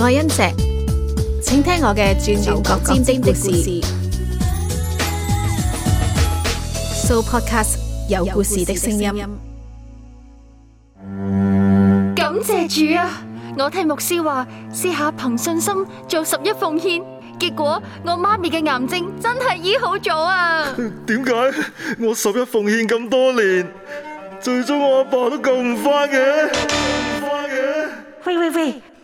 愛恩石，請聽我嘅轉轉角尖尖的故事。So podcast 有故事的聲音。感謝主啊！我聽牧師話試下憑信心做十一奉獻，結果我媽咪嘅癌症真係醫好咗啊！點解，我十一奉獻咁多年，最終我阿爸都救唔翻嘅，救唔翻嘅。喂喂喂！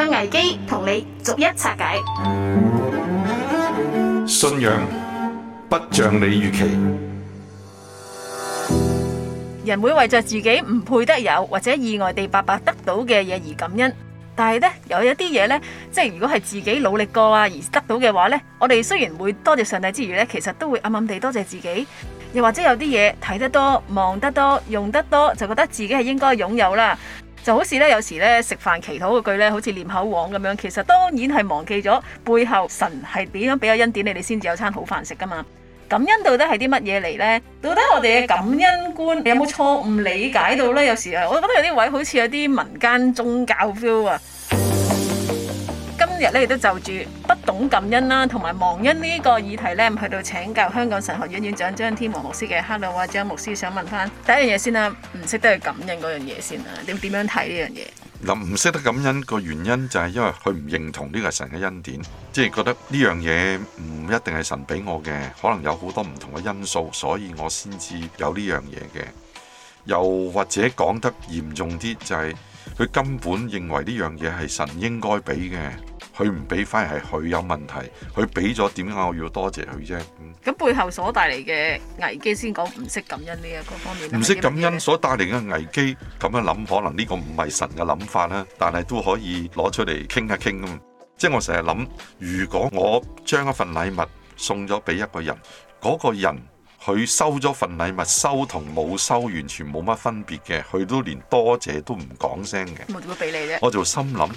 讓危機同你逐一拆解。信仰不像你預期，人會為著自己唔配得有或者意外地白白得到嘅嘢而感恩，但係呢，有一啲嘢呢，即係如果係自己努力過啊而得到嘅話呢，我哋雖然會多謝上帝之餘呢，其實都會暗暗地多謝自己。又或者有啲嘢睇得多、望得多、用得多，就覺得自己係應該擁有啦。就好似咧，有時咧食飯祈禱嗰句咧，好似念口簧咁樣。其實當然係忘記咗背後神係點樣俾咗恩典，你哋先至有餐好飯食噶嘛。感恩到底係啲乜嘢嚟呢？到底我哋嘅感恩觀有冇錯誤理解到呢？有時啊，我覺得有啲位好似有啲民間宗教 feel 啊。今日呢，亦都就住不懂感恩啦，同埋忘恩呢個議題呢，去到請教香港神學院院長張天王牧師嘅。Hello 啊，張牧師，想問翻第一樣嘢先啦，唔識得去感恩嗰樣嘢先啦，點點樣睇呢樣嘢？嗱，唔識得感恩個原因就係因為佢唔認同呢個神嘅恩典，即係覺得呢樣嘢唔一定係神俾我嘅，可能有好多唔同嘅因素，所以我先至有呢樣嘢嘅。又或者講得嚴重啲，就係佢根本認為呢樣嘢係神應該俾嘅。佢唔俾返係佢有問題。佢俾咗點解我要多謝佢啫？咁背後所帶嚟嘅危機，先講唔識感恩呢一個方面。唔識感恩所帶嚟嘅危機，咁樣諗，可能呢個唔係神嘅諗法啦。但係都可以攞出嚟傾一傾噶嘛。即係我成日諗，如果我將一份禮物送咗俾一個人，嗰個人。佢收咗份禮物，收同冇收完全冇乜分別嘅，佢都連多謝都唔講聲嘅。我點會俾你啫？我就心諗，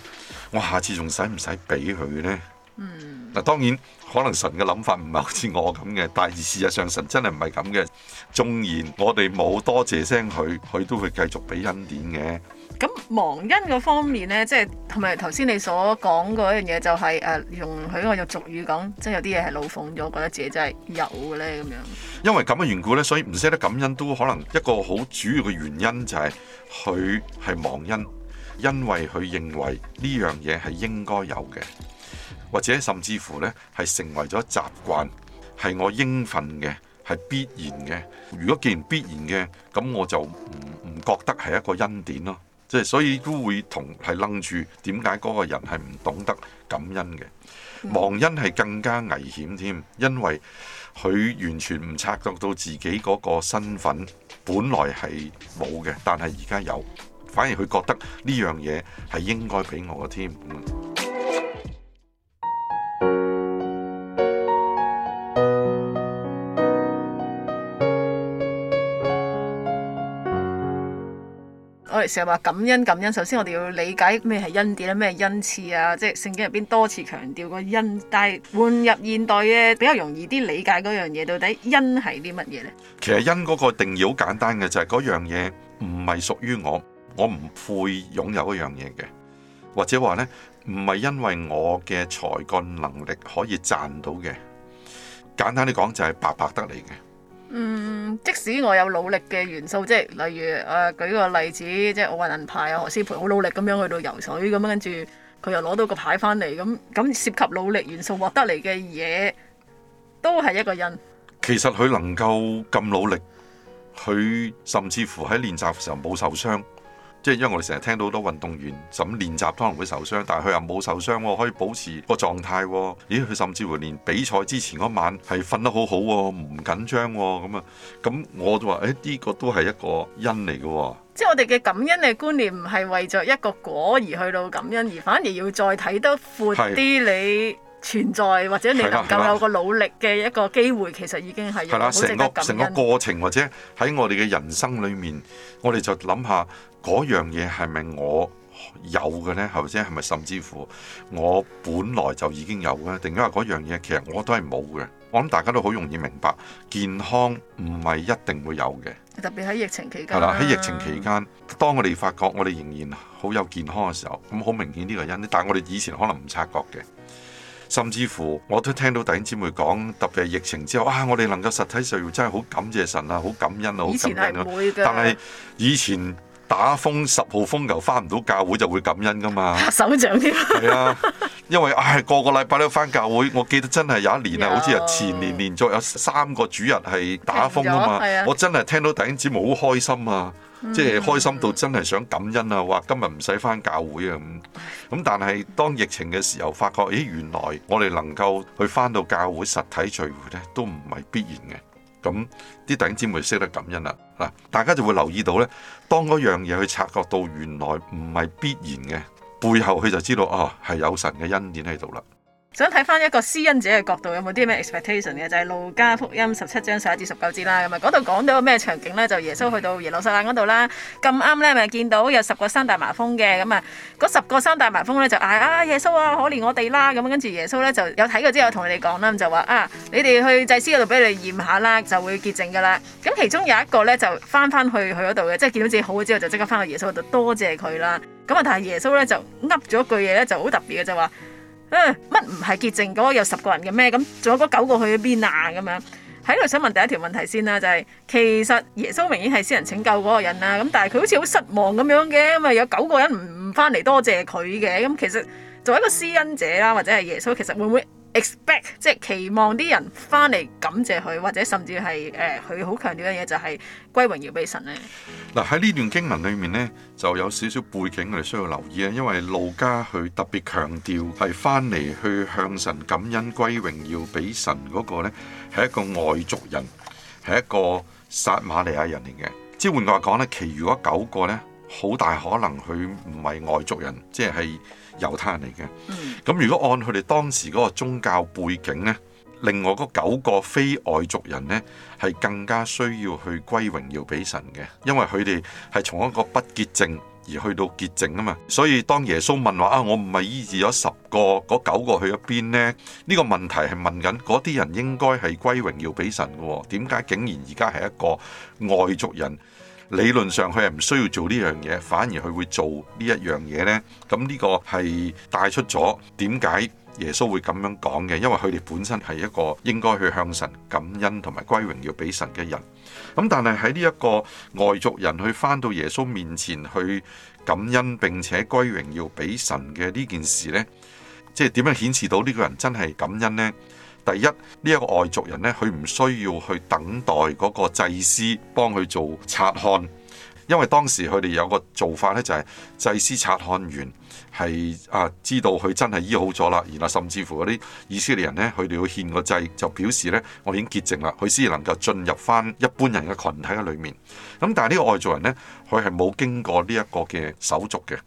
我下次仲使唔使俾佢呢？嗱、嗯，當然可能神嘅諗法唔係好似我咁嘅，但係事實上神真係唔係咁嘅。縱然我哋冇多謝聲佢，佢都會繼續俾恩典嘅。咁忘恩嗰方面呢，即係同埋頭先你所講嗰樣嘢，就是，就係容許我用俗語講，即係有啲嘢係老奉咗，覺得自己真係有嘅呢。咁樣。因為咁嘅緣故呢，所以唔識得感恩都可能一個好主要嘅原因就係佢係忘恩，因為佢認為呢樣嘢係應該有嘅，或者甚至乎呢係成為咗習慣，係我應份嘅，係必然嘅。如果既然必然嘅，咁我就唔唔覺得係一個恩典咯。即係所以都會同係楞住點解嗰個人係唔懂得感恩嘅？忘恩係更加危險添，因為佢完全唔察覺到自己嗰個身份本來係冇嘅，但係而家有，反而佢覺得呢樣嘢係應該俾我添。成日話感恩感恩，首先我哋要理解咩係恩典咧，咩係恩賜啊，即係聖經入邊多次強調個恩，但係換入現代嘅比較容易啲理解嗰樣嘢，到底恩係啲乜嘢咧？其實恩嗰個定義好簡單嘅，就係嗰樣嘢唔係屬於我，我唔配擁有嗰樣嘢嘅，或者話咧，唔係因為我嘅才幹能力可以賺到嘅，簡單啲講就係白白得嚟嘅。嗯，即使我有努力嘅元素，即係例如誒、呃，舉個例子，即係奧運銀牌啊，何詩蓓好努力咁樣去到游水咁樣，跟住佢又攞到個牌翻嚟。咁咁涉及努力元素獲得嚟嘅嘢，都係一個人。其實佢能夠咁努力，佢甚至乎喺練習時候冇受傷。即係因為我哋成日聽到好多運動員咁練習可能會受傷，但係佢又冇受傷喎，可以保持個狀態喎。咦？佢甚至乎連比賽之前嗰晚係瞓得好好喎，唔緊張喎。咁啊，咁我就話：誒，呢個都係一個因嚟嘅。即係我哋嘅感恩嘅觀念唔係為咗一個果而去到感恩，而反而要再睇得闊啲你存在或者你能夠有個努力嘅一個機會，其實已經係好值得感恩。成個成個過程或者喺我哋嘅人生裏面，我哋就諗下嗰樣嘢係咪我有嘅咧？頭先係咪甚至乎我本來就已經有嘅，定因為嗰樣嘢其實我都係冇嘅。我諗大家都好容易明白，健康唔係一定會有嘅。特別喺疫情期間，係啦，喺疫情期間當我哋發覺我哋仍然好有健康嘅時候，咁好明顯呢個因，但係我哋以前可能唔察覺嘅。甚至乎我都聽到弟兄姊妹講，特別係疫情之後，哇、啊！我哋能夠實體上真係好感謝神啊，好感恩，好感恩啊！感恩啊，但係以前打風十號風球返唔到教會就會感恩㗎嘛，手掌添。係 啊，因為唉、哎、個個禮拜都返教會，我記得真係有一年啊，有好似係前年連續有三個主日係打風啊嘛，啊我真係聽到弟兄姊妹好開心啊！即係開心到真係想感恩啊！話今日唔使返教會啊咁，咁但係當疫情嘅時候，發覺咦原來我哋能夠去返到教會實體聚會呢，都唔係必然嘅。咁啲弟兄姊妹識得感恩啦，嗱，大家就會留意到呢。當嗰樣嘢去察覺到原來唔係必然嘅背後，佢就知道哦係有神嘅恩典喺度啦。想睇翻一個施恩者嘅角度，有冇啲咩 expectation 嘅？就係、是、路加福音十七章十一至十九節啦。咁啊，嗰度講到咩場景咧？就耶穌去到耶路撒冷嗰度啦。咁啱咧，咪見到有十個生大麻風嘅。咁啊，嗰十個生大麻風咧就嗌啊耶穌啊，可憐我哋啦，啊。咁跟住耶穌咧就有睇過之後同你哋講啦，咁就話啊，你哋去祭司嗰度俾你哋驗下啦，就會潔淨噶啦。咁其中有一個咧就翻翻去去嗰度嘅，即、就、係、是、見到自己好之後就即刻翻去耶穌度多謝佢啦。咁啊，但係耶穌咧就噏咗句嘢咧就好特別嘅，就說話。就乜唔係潔淨嗰個有十個人嘅咩？咁仲有嗰九個去咗邊啊？咁樣喺度想問第一條問題先啦，就係、是、其實耶穌明顯係私人拯救嗰個人啦，咁但係佢好似好失望咁樣嘅，咁啊有九個人唔返翻嚟多謝佢嘅，咁其實作為一個施恩者啦，或者係耶穌，其實會唔會？expect 即係期望啲人翻嚟感謝佢，或者甚至係誒，佢好強調嘅嘢就係歸榮耀俾神咧。嗱喺呢段經文裏面咧，就有少少背景我哋需要留意啊，因為路加佢特別強調係翻嚟去向神感恩歸榮耀俾神嗰個咧，係一個外族人，係一個撒瑪利亞人嚟嘅。即係換句話講咧，其餘嗰九個咧，好大可能佢唔係外族人，即係。猶太人嚟嘅，咁如果按佢哋當時嗰個宗教背景咧，另外嗰九個非外族人咧，係更加需要去歸榮耀俾神嘅，因為佢哋係從一個不潔淨而去到潔淨啊嘛，所以當耶穌問話啊，我唔係醫治咗十個，嗰九個去咗邊咧？呢個問題係問緊嗰啲人應該係歸榮耀俾神嘅喎，點解竟然而家係一個外族人？理論上佢係唔需要做呢樣嘢，反而佢會做呢一樣嘢呢。咁呢個係帶出咗點解耶穌會咁樣講嘅？因為佢哋本身係一個應該去向神感恩同埋歸榮耀俾神嘅人。咁但係喺呢一個外族人去返到耶穌面前去感恩並且歸榮耀俾神嘅呢件事呢，即係點樣顯示到呢個人真係感恩呢？第一，呢一個外族人呢，佢唔需要去等待嗰個祭司幫佢做察看，因為當時佢哋有個做法呢，就係、是、祭司察看完係啊，知道佢真係醫好咗啦，然後甚至乎嗰啲以色列人呢，佢哋要獻個祭，就表示呢，我已經潔淨啦，佢先能夠進入翻一般人嘅群體喺裏面。咁但係呢個外族人呢，佢係冇經過呢一個嘅手續嘅。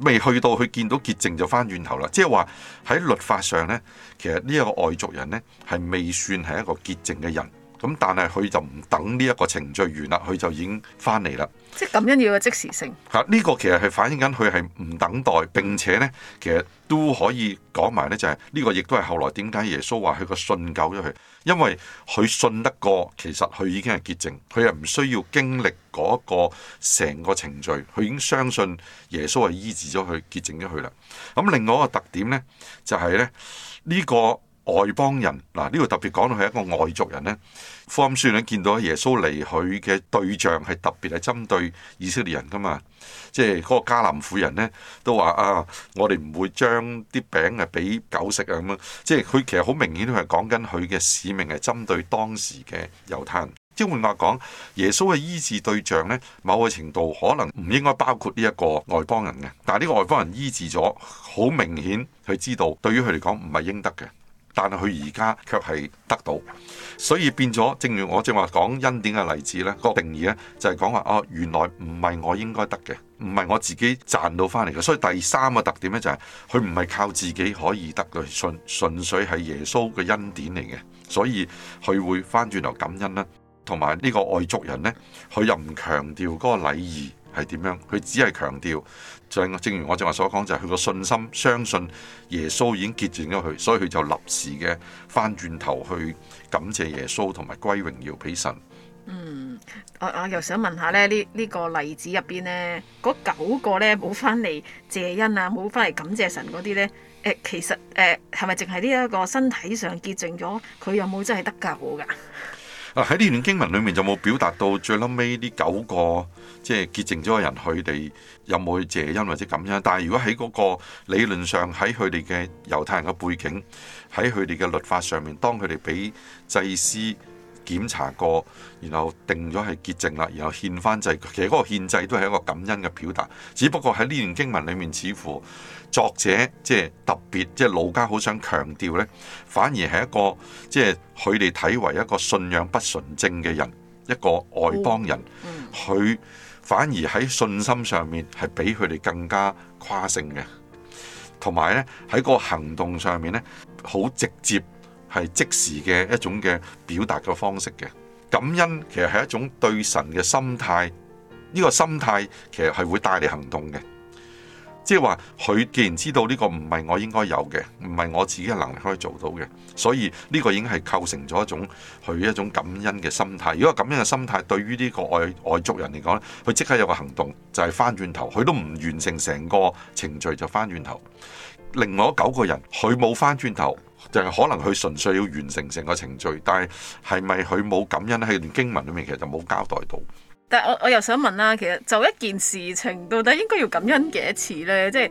未去到佢見到潔淨就返轉頭啦，即係話，喺律法上咧，其實呢一個外族人咧係未算係一個潔淨嘅人。咁但係佢就唔等呢一個程序完啦，佢就已經翻嚟啦。即係感恩要嘅即時性。嚇，呢個其實係反映緊佢係唔等待，並且呢，其實都可以講埋呢，就係呢個亦都係後來點解耶穌話佢個信救咗佢，因為佢信得過，其實佢已經係潔淨，佢又唔需要經歷嗰個成個程序，佢已經相信耶穌係醫治咗佢潔淨咗佢啦。咁另外一個特點呢，就係呢呢個。外邦人嗱，呢度特別講到係一個外族人呢。方書呢，見到耶穌嚟，佢嘅對象係特別係針對以色列人㗎嘛。即係嗰個迦南婦人呢都話啊，我哋唔會將啲餅啊俾狗食啊咁樣。即係佢其實好明顯係講緊佢嘅使命係針對當時嘅猶太人。即係換話講，耶穌嘅醫治對象呢，某個程度可能唔應該包括呢一個外邦人嘅。但係呢個外邦人醫治咗，好明顯佢知道對於佢嚟講唔係應得嘅。但係佢而家卻係得到，所以變咗。正如我正話講恩典嘅例子呢、呢個定義呢就係講話啊，原來唔係我應該得嘅，唔係我自己賺到翻嚟嘅。所以第三個特點呢、就係，就係佢唔係靠自己可以得嘅，純純粹係耶穌嘅恩典嚟嘅。所以佢會翻轉頭感恩啦，同埋呢個外族人呢，佢又唔強調嗰個禮儀。係點樣？佢只係強調，就係正如我正話所講，就係佢個信心，相信耶穌已經潔淨咗佢，所以佢就立時嘅翻轉頭去感謝耶穌，同埋歸榮耀俾神。嗯，我我又想問下咧，呢、這、呢個例子入邊呢，嗰九個呢冇翻嚟謝恩啊，冇翻嚟感謝神嗰啲呢？誒，其實誒，係咪淨係呢一個身體上潔淨咗，佢有冇真係得救噶？喺呢段經文裏面，就冇表達到最撈尾呢九個即係潔淨咗嘅人，佢哋有冇去謝恩或者咁樣？但係如果喺嗰個理論上，喺佢哋嘅猶太人嘅背景，喺佢哋嘅律法上面，當佢哋俾祭司。檢查過，然後定咗係潔淨啦，然後獻翻祭。其實嗰個獻祭都係一個感恩嘅表達，只不過喺呢段經文裡面，似乎作者即係、就是、特別，即係路加好想強調呢，反而係一個即係佢哋睇為一個信仰不純正嘅人，一個外邦人，佢、嗯嗯、反而喺信心上面係比佢哋更加跨性嘅，同埋呢，喺個行動上面呢，好直接。係即時嘅一種嘅表達嘅方式嘅，感恩其實係一種對神嘅心態，呢個心態其實係會帶嚟行動嘅。即係話佢既然知道呢個唔係我應該有嘅，唔係我自己嘅能力可以做到嘅，所以呢個已經係構成咗一種佢一種感恩嘅心態。如果感恩嘅心態對於呢個外族人嚟講咧，佢即刻有一個行動，就係翻轉頭，佢都唔完成成個程序就翻轉頭。另外九個人，佢冇翻轉頭。就係可能佢純粹要完成成個程序，但係係咪佢冇感恩咧？喺經文裏面其實就冇交代到。但係我我又想問啦，其實就一件事情到底應該要感恩幾次呢？即係誒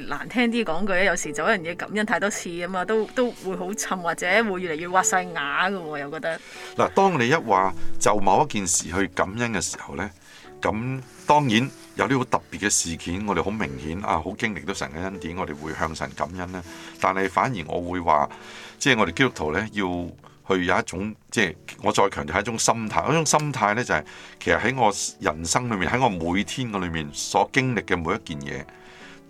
誒難聽啲講句有時就一樣嘢感恩太多次啊嘛，都都會好沉，或者會越嚟越挖晒牙嘅喎。又覺得嗱，當你一話就某一件事去感恩嘅時候呢，咁當然。有啲好特別嘅事件，我哋好明顯啊，好經歷到神嘅恩典，我哋會向神感恩咧。但係反而我會話，即係我哋基督徒呢，要去有一種即係我再強調係一種心態，嗰種心態呢，就係、是、其實喺我人生裏面，喺我每天嘅裏面所經歷嘅每一件嘢，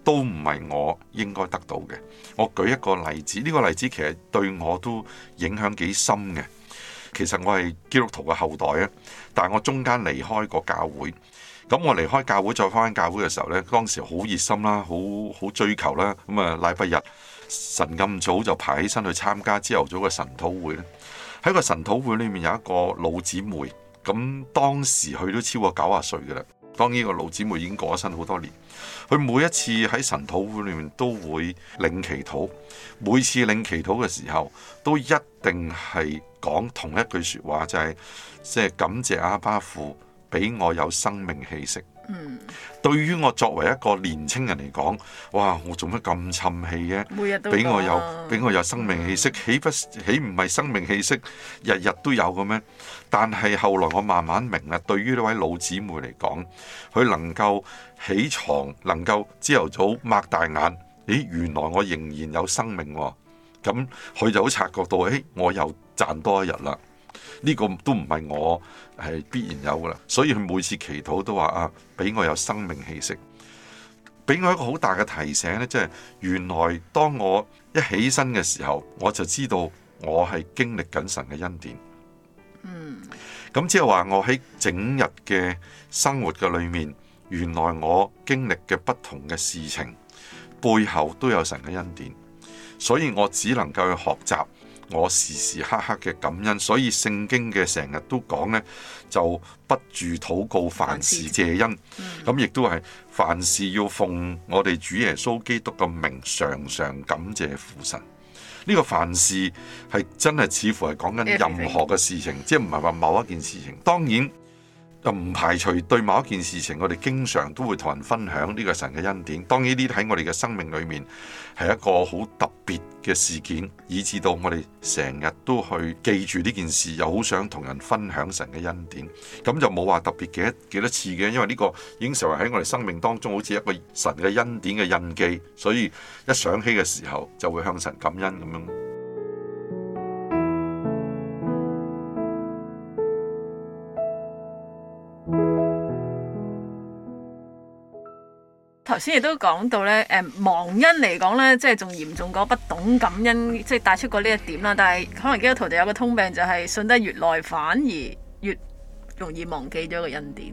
都唔係我應該得到嘅。我舉一個例子，呢、這個例子其實對我都影響幾深嘅。其實我係基督徒嘅後代啊，但係我中間離開個教會。咁我離開教會再翻返教會嘅時候呢，當時好熱心啦，好好追求啦，咁啊，禮拜日神咁早就爬起身去參加朝頭早嘅神討會咧。喺個神討會裏面有一個老姊妹，咁當時佢都超過九十歲嘅啦。當然個老姊妹已經過咗身好多年，佢每一次喺神討會裏面都會領祈禱，每次領祈禱嘅時候都一定係講同一句説話，就係即係感謝阿爸父。俾我有生命氣息，嗯、對於我作為一個年青人嚟講，哇！我做乜咁滲氣嘅？俾我有俾我有生命氣息，嗯起，豈不豈唔係生命氣息，日日都有嘅咩？但係後來我慢慢明啦，對於呢位老姊妹嚟講，佢能夠起床，能夠朝頭早擘大眼，誒原來我仍然有生命喎，哦！咁佢就好察覺到，誒我又賺多一日啦。呢個都唔係我，係必然有㗎啦，所以佢每次祈禱都話啊，俾我有生命氣息，俾我一個好大嘅提醒呢，即係原來當我一起身嘅時候，我就知道我係經歷緊神嘅恩典。嗯，咁即係話我喺整日嘅生活嘅裏面，原來我經歷嘅不同嘅事情，背後都有神嘅恩典，所以我只能夠去學習。我時時刻刻嘅感恩，所以聖經嘅成日都講呢，就不住禱告，凡事謝恩，咁亦都係凡事要奉我哋主耶穌基督嘅名，常常感謝父神。呢個凡事係真係似乎係講緊任何嘅事情，即係唔係話某一件事情。當然。就唔排除對某一件事情，我哋經常都會同人分享呢個神嘅恩典。當然呢喺我哋嘅生命裏面係一個好特別嘅事件，以至到我哋成日都去記住呢件事，又好想同人分享神嘅恩典。咁就冇話特別幾，幾多次嘅，因為呢個已經成為喺我哋生命當中好似一個神嘅恩典嘅印記，所以一想起嘅時候就會向神感恩咁樣。先亦都講到咧，誒忘恩嚟講咧，即係仲嚴重過不懂感恩，即係帶出過呢一點啦。但係可能基督徒就有個通病，就係信得越耐，反而越容易忘記咗個恩典，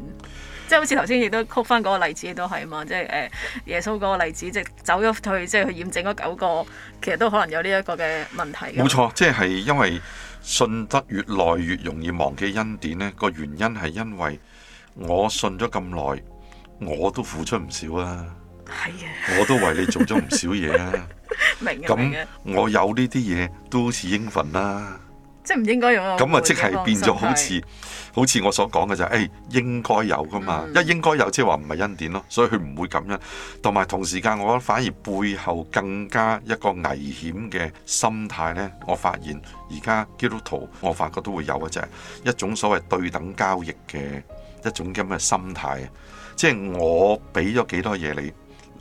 即係好似頭先亦都曲翻嗰個例子亦都係啊嘛，即係誒耶穌嗰個例子，即係走咗去，即係去驗證嗰九個，其實都可能有呢一個嘅問題。冇錯，即係因為信得越耐，越容易忘記恩典呢個原因係因為我信咗咁耐。我都付出唔少啊，係啊的，我都為你做咗唔少嘢啊。 明咁的我有呢啲嘢都好似應份啦，即係唔應該有啊。咁啊的，即係變咗好似好似我所講嘅就係、是、誒、哎，應該有噶嘛，嗯、一應該有即係話唔係恩典咯，所以佢唔會咁樣。同埋同時間，我反而背後更加一個危險嘅心態咧。我發現而家基督徒，我發覺都會有一隻一種所謂對等交易嘅一種咁嘅心態。即係我俾咗幾多嘢你，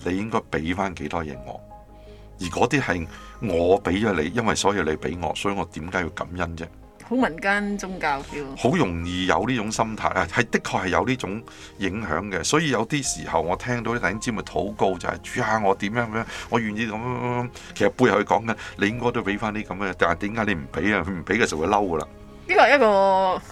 你應該俾翻幾多嘢我。而嗰啲係我俾咗你，因為所以你俾我，所以我點解要感恩啫？好民間宗教 feel，好容易有呢種心態啊，係的確係有呢種影響嘅。所以有啲時候我聽到啲頂尖咪禱告就係、是：，下、哎、我點樣點樣，我願意咁。其實背後去講緊，你應該都俾翻啲咁嘅，但係點解你唔俾啊？唔俾嘅時候會嬲噶啦。呢個係一個。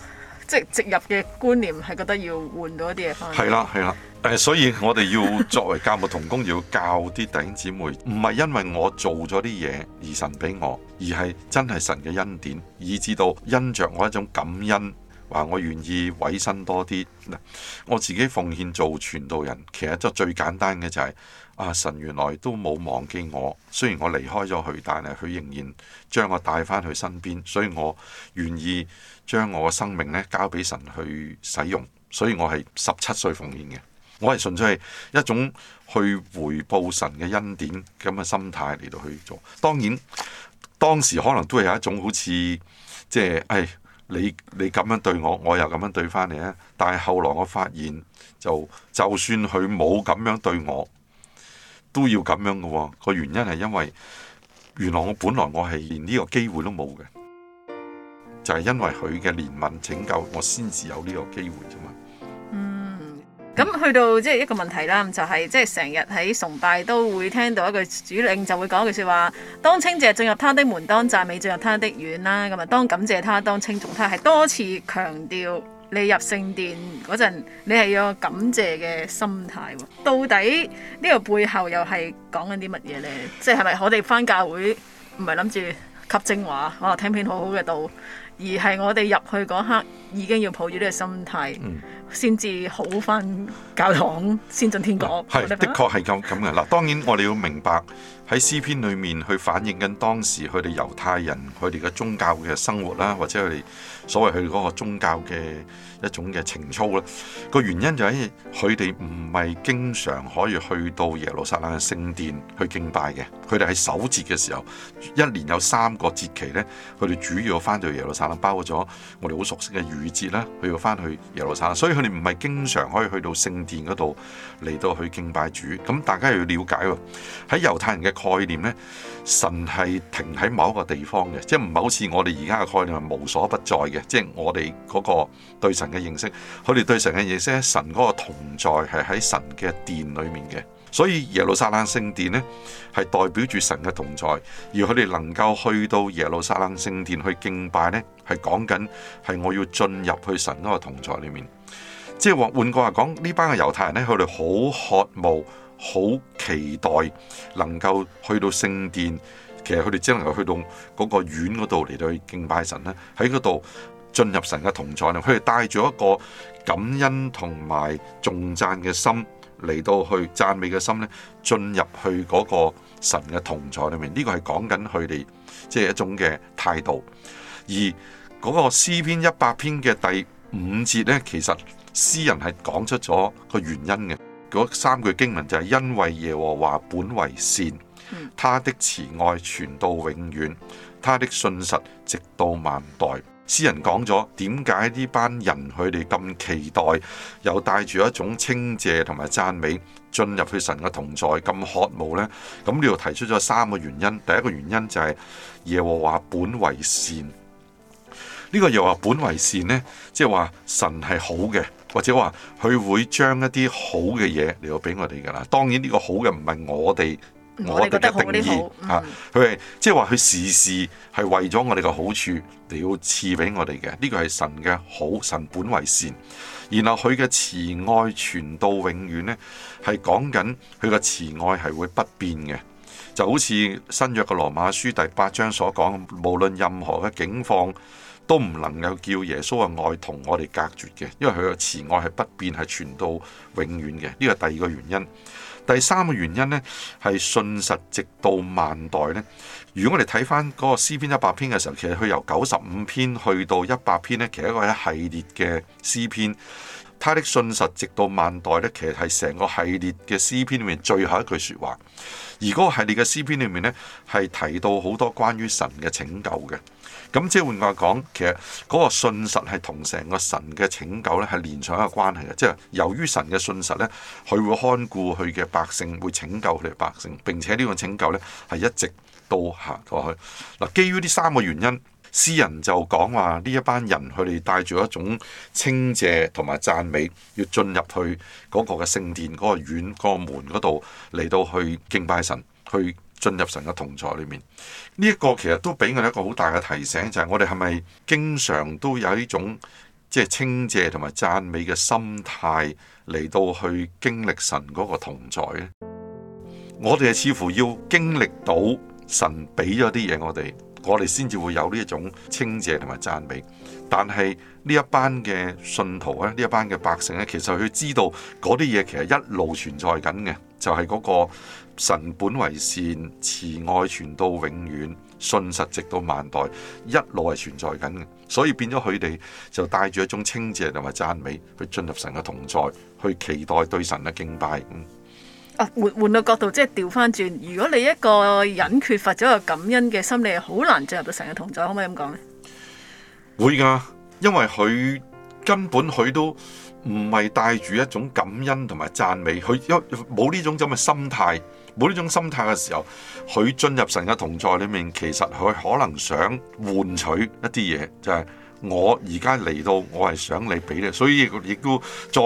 即係植入嘅觀念係覺得要換到一啲嘢翻嚟。係啦係啦，誒，所以我哋要作為教牧同工， 要教啲弟兄姊妹，唔係因為我做咗啲嘢而神俾我，而係真係神嘅恩典，以至到因着我一種感恩。話我願意委身多啲，我自己奉獻做傳道人，其實即最簡單嘅就係啊神原來都冇忘記我，雖然我離開咗佢，但係佢仍然將我帶返去身邊，所以我願意將我嘅生命呢交俾神去使用，所以我係十七歲奉獻嘅，我係純粹係一種去回報神嘅恩典咁嘅心態嚟到去做，當然當時可能都係有一種好似即係你你咁樣對我，我又咁樣對翻你咧。但係後來我發現，就就算佢冇咁樣對我，都要咁樣嘅喎。個原因係因為原來我本來我係連呢個機會都冇嘅，就係因為佢嘅憐憫拯救，我先至有呢個機會啫嘛。咁、嗯、去到即係一個問題啦，就係、是、即係成日喺崇拜都會聽到一句主領，就會講一句說話：當稱謝進入他的門，當讚美進入他的院啦。咁啊，當感謝他，當稱頌他，係多次強調你入聖殿嗰陣，你係要感謝嘅心態。到底呢個背後又係講緊啲乜嘢呢？即係咪我哋翻教會唔係諗住吸精華，哇，聽片好好嘅道？而係我哋入去嗰刻，已經要抱住呢個心態，先至、嗯、好返教堂，先進天國。係、嗯、的確係咁咁嘅。嗱， 當然我哋要明白。喺詩篇裏面去反映緊當時佢哋猶太人佢哋嘅宗教嘅生活啦，或者佢哋所謂佢哋嗰個宗教嘅一種嘅情操啦。個原因就係佢哋唔係經常可以去到耶路撒冷嘅聖殿去敬拜嘅。佢哋喺守節嘅時候，一年有三個節期呢，佢哋主要翻到耶路撒冷，包括咗我哋好熟悉嘅逾節啦，佢要翻去耶路撒冷，所以佢哋唔係經常可以去到聖殿嗰度嚟到去敬拜主。咁大家要了解喎，喺猶太人嘅概念呢，神係停喺某一個地方嘅，即係唔係好似我哋而家嘅概念係無所不在嘅，即係我哋嗰個對神嘅認識，佢哋對神嘅認識咧，神嗰個同在係喺神嘅殿裏面嘅，所以耶路撒冷聖殿呢，係代表住神嘅同在，而佢哋能夠去到耶路撒冷聖殿去敬拜呢，係講緊係我要進入去神嗰個同在裏面，即係話換句話講，呢班嘅猶太人呢，佢哋好渴慕。好期待能夠去到聖殿，其實佢哋只能夠去到嗰個院嗰度嚟到敬拜神咧，喺嗰度進入神嘅同在咧，佢哋帶住一個感恩同埋頌讚嘅心嚟到去讚美嘅心咧，進入去嗰個神嘅同在裏面，呢、這個係講緊佢哋即係一種嘅態度。而嗰個詩篇一百篇嘅第五節咧，其實詩人係講出咗個原因嘅。嗰三句經文就係，因為耶和華本為善，他的慈愛傳到永遠，他的信實直到萬代。詩人講咗點解呢班人佢哋咁期待，又帶住一種稱謝同埋讚美，進入去神嘅同在咁渴望呢？咁呢度提出咗三個原因。第一個原因就係耶和華本為善，呢個又話本為善呢，即係話神係好嘅。或者話佢會將一啲好嘅嘢嚟到俾我哋噶啦，當然呢個好嘅唔係我哋我哋嘅定義嚇，佢係即係話佢時時係為咗我哋嘅好處嚟到賜俾我哋嘅，呢個係神嘅好，神本為善。然後佢嘅慈愛傳到永遠，呢係講緊佢嘅慈愛係會不變嘅，就好似新約嘅羅馬書第八章所講，無論任何嘅境況。都唔能夠叫耶穌嘅愛同我哋隔絕嘅，因為佢嘅慈愛係不變，係傳到永遠嘅。呢個第二個原因，第三個原因呢，係信實直到萬代呢，如果我哋睇翻嗰個詩篇一百篇嘅時候，其實佢由九十五篇去到一百篇呢，其實一個一系列嘅詩篇，他的信實直到萬代呢，其實係成個系列嘅詩篇裏面最後一句説話。而嗰個系列嘅詩篇裏面呢，係提到好多關於神嘅拯救嘅。咁即係換句話講，其實嗰個信實係同成個神嘅拯救咧係連上一個關係嘅，即係由於神嘅信實咧，佢會看顧佢嘅百姓，會拯救佢哋百姓，並且呢個拯救咧係一直都行過去。嗱，基於呢三個原因，詩人就講話呢一班人佢哋帶住一種稱謝同埋讚美，要進入去嗰個嘅聖殿嗰個院嗰個門嗰度嚟到去敬拜神去。進入神嘅同在裏面，呢、這、一個其實都俾我哋一個好大嘅提醒，就係、是、我哋係咪經常都有一種即係、就是、稱謝同埋讚美嘅心態嚟到去經歷神嗰個同在咧？我哋係似乎要經歷到神俾咗啲嘢我哋，我哋先至會有呢一種稱謝同埋讚美。但係呢一班嘅信徒咧，呢一班嘅百姓咧，其實佢知道嗰啲嘢其實一路存在緊嘅。就係嗰個神本為善，慈愛傳到永遠，信實直到萬代，一路係存在緊嘅，所以變咗佢哋就帶住一種清潔同埋讚美去進入神嘅同在，去期待對神嘅敬拜。嗯、啊，啊換換個角度，即係調翻轉，如果你一個人缺乏咗個感恩嘅心理，好難進入到神嘅同在，可唔可以咁講呢？會噶，因為佢根本佢都。唔係帶住一種感恩同埋讚美，佢因冇呢種咁嘅心態，冇呢種心態嘅時候，佢進入神嘅同在裏面，其實佢可能想換取一啲嘢，就係我而家嚟到，我係想你俾咧。所以亦都再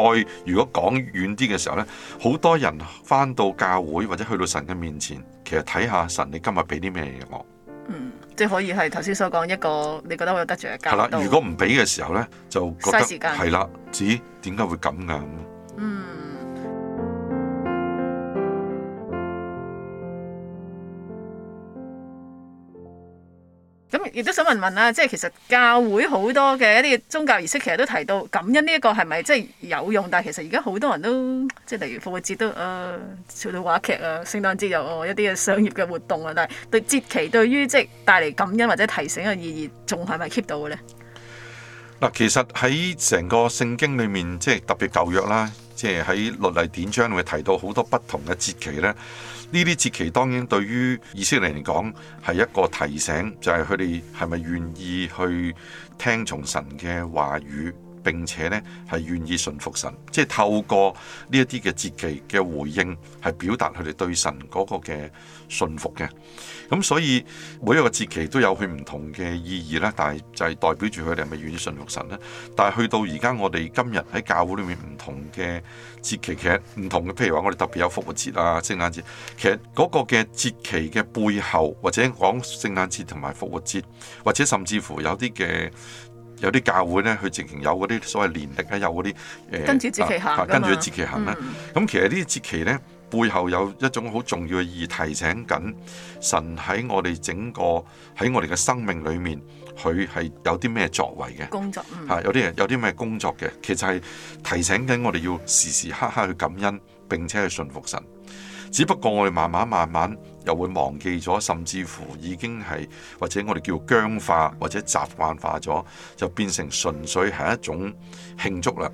如果講遠啲嘅時候咧，好多人返到教會或者去到神嘅面前，其實睇下神你今日俾啲咩嘢我。嗯，即係可以係頭先所講一個，你覺得我有得著嘅。係啦，如果唔俾嘅時候咧，就嘥時間。係啦，只。點解會咁噶？嗯，咁亦都想問問啊，即係其實教會好多嘅一啲宗教儀式，其實都提到感恩呢一個係咪即係有用？但係其實而家好多人都即係例如復活節都誒做、呃、到話劇啊，聖誕節有、哦、一啲嘅商業嘅活動啊，但係對節期對於即係帶嚟感恩或者提醒嘅意義，仲係咪 keep 到嘅咧？嗱，其實喺成個聖經裏面，即係特別舊約啦，即係喺律例典章會提到好多不同嘅節期咧。呢啲節期當然對於以色列嚟講係一個提醒，就係佢哋係咪願意去聽從神嘅話語。並且咧係願意順服神，即係透過呢一啲嘅節期嘅回應，係表達佢哋對神嗰個嘅信服嘅。咁所以每一個節期都有佢唔同嘅意義啦，但係就係代表住佢哋係咪願意順服神咧？但係去到而家我哋今日喺教會裏面唔同嘅節期，其實唔同嘅，譬如話我哋特別有復活節啊、聖誕節，其實嗰個嘅節期嘅背後，或者講聖誕節同埋復活節，或者甚至乎有啲嘅。有啲教會咧，佢直情有嗰啲所謂年歷啊，有嗰啲誒，跟住節期行，跟住節期行咧。咁其實呢啲節期咧，背後有一種好重要嘅意義，提醒緊神喺我哋整個喺我哋嘅生命裏面，佢係有啲咩作為嘅工作嚇、嗯啊，有啲嘢，有啲咩工作嘅，其實係提醒緊我哋要時時刻刻去感恩並且去順服神。只不過我哋慢慢慢慢。又會忘記咗，甚至乎已經係或者我哋叫僵化或者習慣化咗，就變成純粹係一種慶祝啦。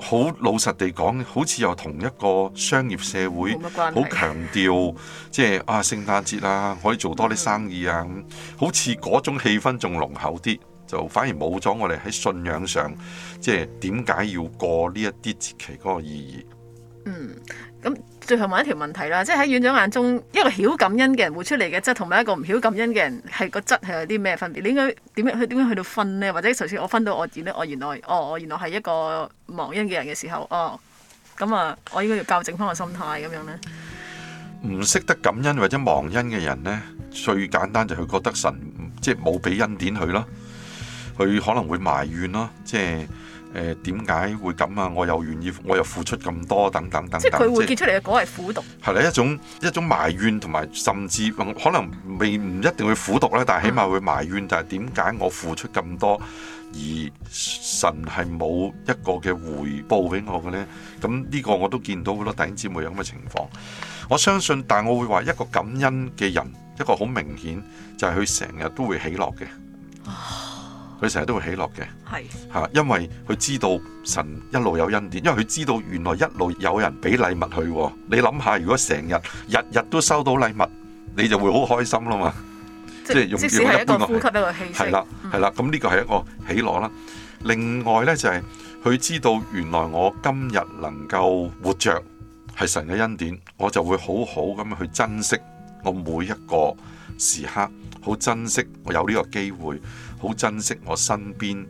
好老實地講，好似又同一個商業社會好強調，即係啊聖誕節啊，可以做多啲生意啊，咁好似嗰種氣氛仲濃厚啲，就反而冇咗我哋喺信仰上，即係點解要過呢一啲節期嗰個意義。嗯，咁最後問一條問題啦，即係喺院長眼中，一個曉感恩嘅人活出嚟嘅質，同埋一個唔曉感恩嘅人，係個質係有啲咩分別？你應該點樣去點樣去到分呢？或者，首先我分到我，原來我原來，哦，我原來係一個忘恩嘅人嘅時候，哦，咁啊，我應該要校正翻個心態咁樣呢？唔識得感恩或者忘恩嘅人呢，最簡單就係佢覺得神即係冇俾恩典佢咯，佢可能會埋怨咯，即係。誒，點解會咁啊？我又願意，我又付出咁多，等等等等。即係佢會結出嚟嘅果係苦毒，係啦，一種一種埋怨，同埋甚至可能未唔一定會苦毒咧，但係起碼會埋怨。嗯、但係點解我付出咁多，而神係冇一個嘅回報俾我嘅咧？咁呢個我都見到好多弟兄姊妹有咁嘅情況。我相信，但係我會話，一個感恩嘅人，一個好明顯就係佢成日都會喜樂嘅。啊佢成日都會喜樂嘅，係嚇，因為佢知道神一路有恩典，因為佢知道原來一路有人俾禮物佢。你諗下，如果成日日日都收到禮物，你就會好開心啦嘛。即係用用一個呼吸一個氣息。係啦係啦，咁呢個係一個喜樂啦。另外呢就係佢知道原來我今日能夠活着係神嘅恩典，我就會好好咁去珍惜我每一個時刻，好珍惜我有呢個機會。好珍惜我身邊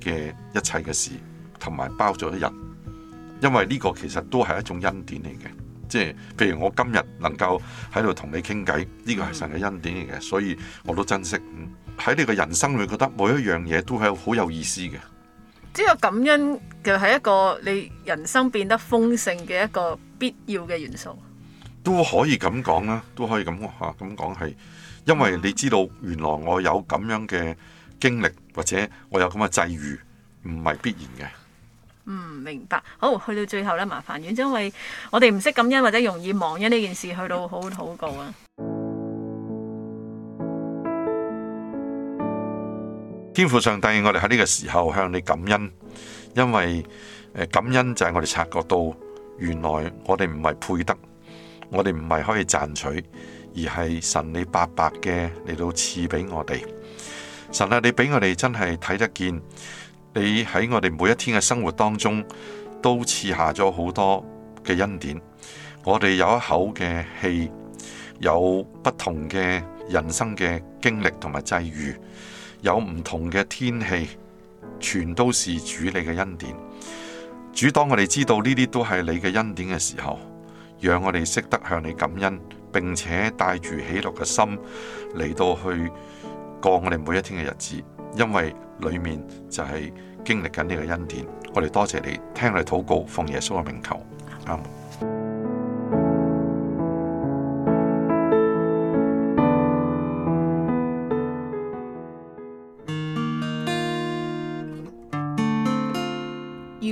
嘅一切嘅事，同埋包咗人，因為呢個其實都係一種恩典嚟嘅，即係譬如我今日能夠喺度同你傾偈，呢、這個係神嘅恩典嚟嘅，嗯、所以我都珍惜。喺你嘅人生裏，覺得每一樣嘢都係好有意思嘅。只有感恩嘅係一個你人生變得豐盛嘅一個必要嘅元素都，都可以咁講啦，都可以咁吓咁講係，因為你知道原來我有咁樣嘅。經歷或者我有咁嘅際遇，唔係必然嘅。嗯，明白。好，去到最後咧，麻煩院長，因為我哋唔識感恩或者容易忘恩呢件事，去到好好禱告啊。天父上帝，我哋喺呢個時候向你感恩，因為感恩就係我哋察覺到，原來我哋唔係配得，我哋唔係可以賺取，而係神你白白嘅嚟到賜俾我哋。神啊，你俾我哋真係睇得見，你喺我哋每一天嘅生活當中都賜下咗好多嘅恩典。我哋有一口嘅氣，有不同嘅人生嘅經歷同埋際遇，有唔同嘅天氣，全都是主你嘅恩典。主，當我哋知道呢啲都係你嘅恩典嘅時候，讓我哋識得向你感恩，並且帶住喜樂嘅心嚟到去。過我哋每一天嘅日子，因為裏面就係經歷緊呢個恩典。我哋多謝你聽我哋禱告，奉耶穌嘅名求，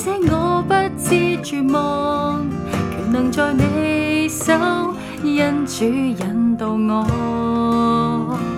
且我不知絕望，全能在你手，因主引導我。